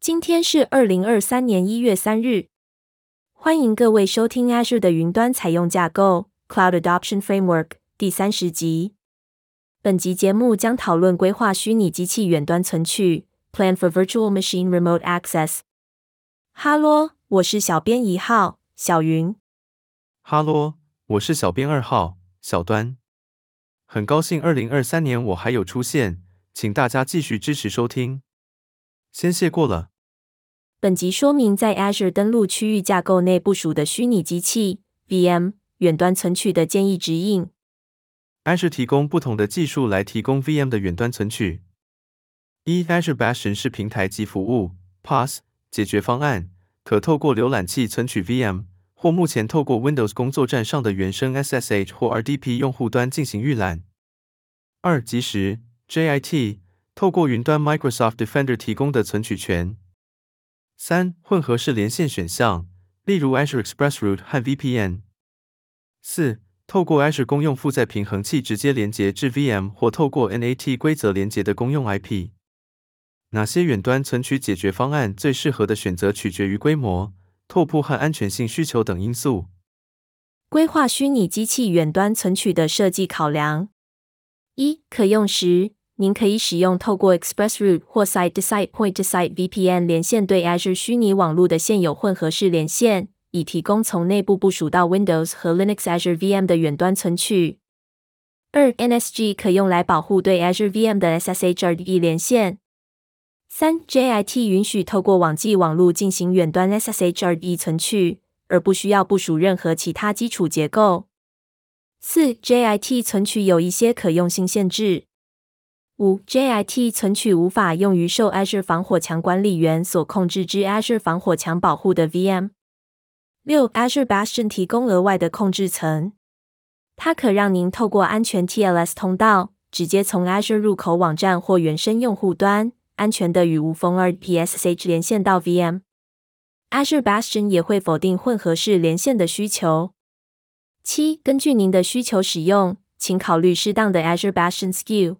今天是二零二三年一月三日，歡迎各位收聽 Azure 的雲端採用架構 Cloud Adoption Framework 第三十集。本集節目將討論規劃虛擬機器遠端存取 Plan for Virtual Machine Remote Access。哈嘍，我是小編一號小雲。哈嘍，我是小編二號小端。很高興二零二三年我還有出現，請大家繼續支持收聽，先謝過了。本集說明在 Azure 登陸區域架構內部署的虛擬機器 （VM） 遠端存取的建議指引。Azure 提供不同的技術來提供 VM 的遠端存取。一、Azure Bastion 是平台即服務 （PaaS） 解決方案，可透過瀏覽器存取 VM，或目前透過 Windows 工作站上的原生 SSH 或 RDP 用戶端進行預覽。二、即時 JIT 透過雲端 Microsoft Defender 提供的存取權。三、混合式連線選項，例如 Azure ExpressRoute 和 VPN。四、透過 Azure 公用負載平衡器直接連接至 VM，或透過 NAT 規則連接的公用 IP。哪些遠端存取解決方案最適合的選擇，取決於規模、拓撲和安全性需求等因素。規劃虛擬機器遠端存取的設計考量：一、可用時。您可以使用透過 ExpressRoute 或 Site-to-Site Point-to-Site VPN 連線對 Azure 虛擬網絡的現有混合式連線，以提供從內部部署到 Windows 和 Linux Azure VM 的遠端存取。二 NSG 可用來保護對 Azure VM 的 SSH/RDP 連線。三 JIT 允許透過網際網路進行遠端 SSH/RDP 存取，而不需要部署任何其他基礎結構。四 JIT 存取有一些可用性限制。五 JIT 存取無法用於受 Azure 防火牆管理員所控制之 Azure 防火牆保護的 VM。六 Azure Bastion 提供額外的控制層，它可讓您透過安全 TLS 通道直接從 Azure 入口網站或原生用戶端安全地與無縫 RDP/SSH 連線到 VM。Azure Bastion 也會否定混合式連線的需求。七根據您的需求使用，請考慮適當的 Azure Bastion SKU。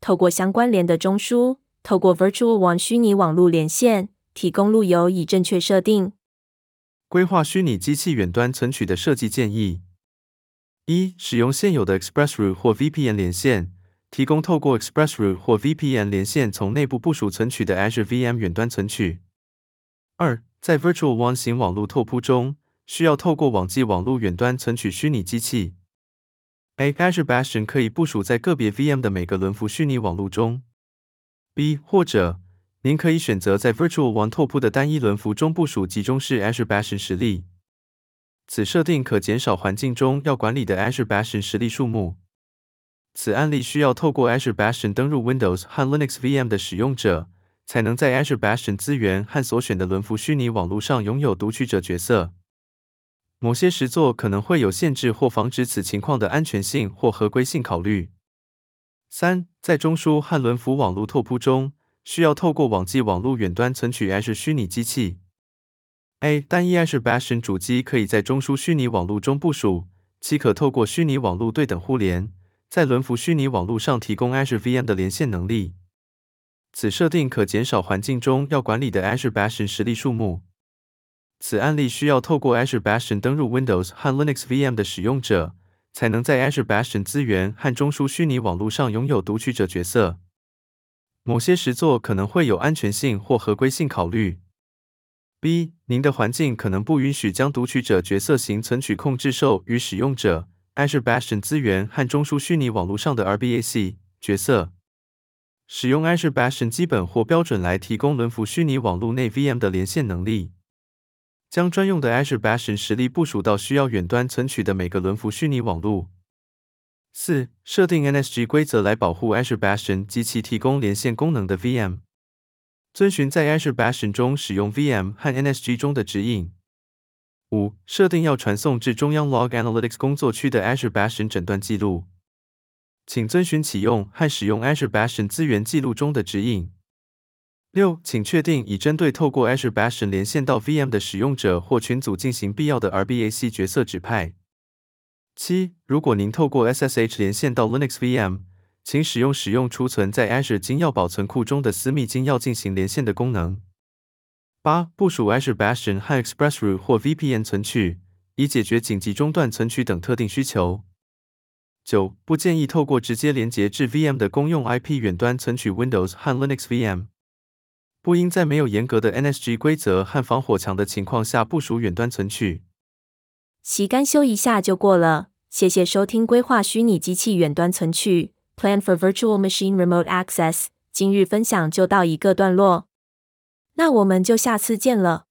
透過相關聯的中樞，透過 Virtual One 虛擬網絡連線提供路由以正確設定。規劃虛擬機器遠端存取的設計建議：一、使用現有的 ExpressRoute 或 VPN 連線提供透過 ExpressRoute 或 VPN 連線從內部部署存取的 Azure VM 遠端存取；二、在 Virtual One 型網絡拓撲中，需要透過網際網路遠端存取虛擬機器。A, Azure Bastion 可以部署在個別 VM 的每個輪幅虛擬網絡中。B 或者，您可以選擇在 Virtual 網拓撲的單一輪幅中部署集中式 Azure Bastion 實例。此設定可減少環境中要管理的 Azure Bastion 實例數目。此案例需要透過 Azure Bastion 登入 Windows 和 Linux VM 的使用者，才能在 Azure Bastion 資源和所選的輪幅虛擬網絡上擁有讀取者角色。某些實作可能會有限制或防止此情況的安全性或合規性考慮。三，在中樞和輪輻網絡拓撲中，需要透過網際網絡遠端存取 Azure 虛擬機器。A，單一 Azure Bastion 主機可以在中樞虛擬網絡中部署，其可透過虛擬網絡對等互聯，在輪輻虛擬網絡上提供 Azure VM 的連線能力。此設定可減少環境中要管理的 Azure Bastion 實例數目。此案例需要透過 Azure Bastion 登入 Windows 和 Linux VM 的使用者，才能在 Azure Bastion 資源和中樞虛擬網絡上擁有讀取者角色。某些實作可能會有安全性或合規性考慮。B 您的環境可能不允許將讀取者角色型存取控制授予使用者 Azure Bastion 資源和中樞虛擬網絡上的 RBAC 角色。使用 Azure Bastion 基本或標準來提供輪輻虛擬網絡內 VM 的連線能力。將專用的 Azure Bastion 實例部署到需要遠端存取的每個輪輻虛擬網絡。四、設定 NSG 規則來保護 Azure Bastion 及其提供連線功能的 VM。遵循在 Azure Bastion 中使用 VM 和 NSG 中的指引。五、設定要傳送至中央 Log Analytics 工作區的 Azure Bastion 診斷記錄。請遵循啟用和使用 Azure Bastion 資源記錄中的指引。六，請確定已針對透過 Azure Bastion 連線到 VM 的使用者或群組進行必要的 RBAC 角色指派。七，如果您透過 SSH 連線到 Linux VM，請使用使用儲存在 Azure 金鑰保存庫中的私密金鑰進行連線的功能。八，部署 Azure Bastion 和 ExpressRoute 或 VPN 存取，以解決緊急中斷存取等特定需求。九，不建議透過直接連接至 VM 的公用 IP 遠端存取 Windows 和 Linux VM。不應在沒有嚴格的 NSG 規則和防火牆的情況下部署遠端存取。其干修一下就過了，謝謝收聽規劃虛擬機器遠端存取。Plan for Virtual Machine Remote Access。今日分享就到一個段落，那我們就下次見了。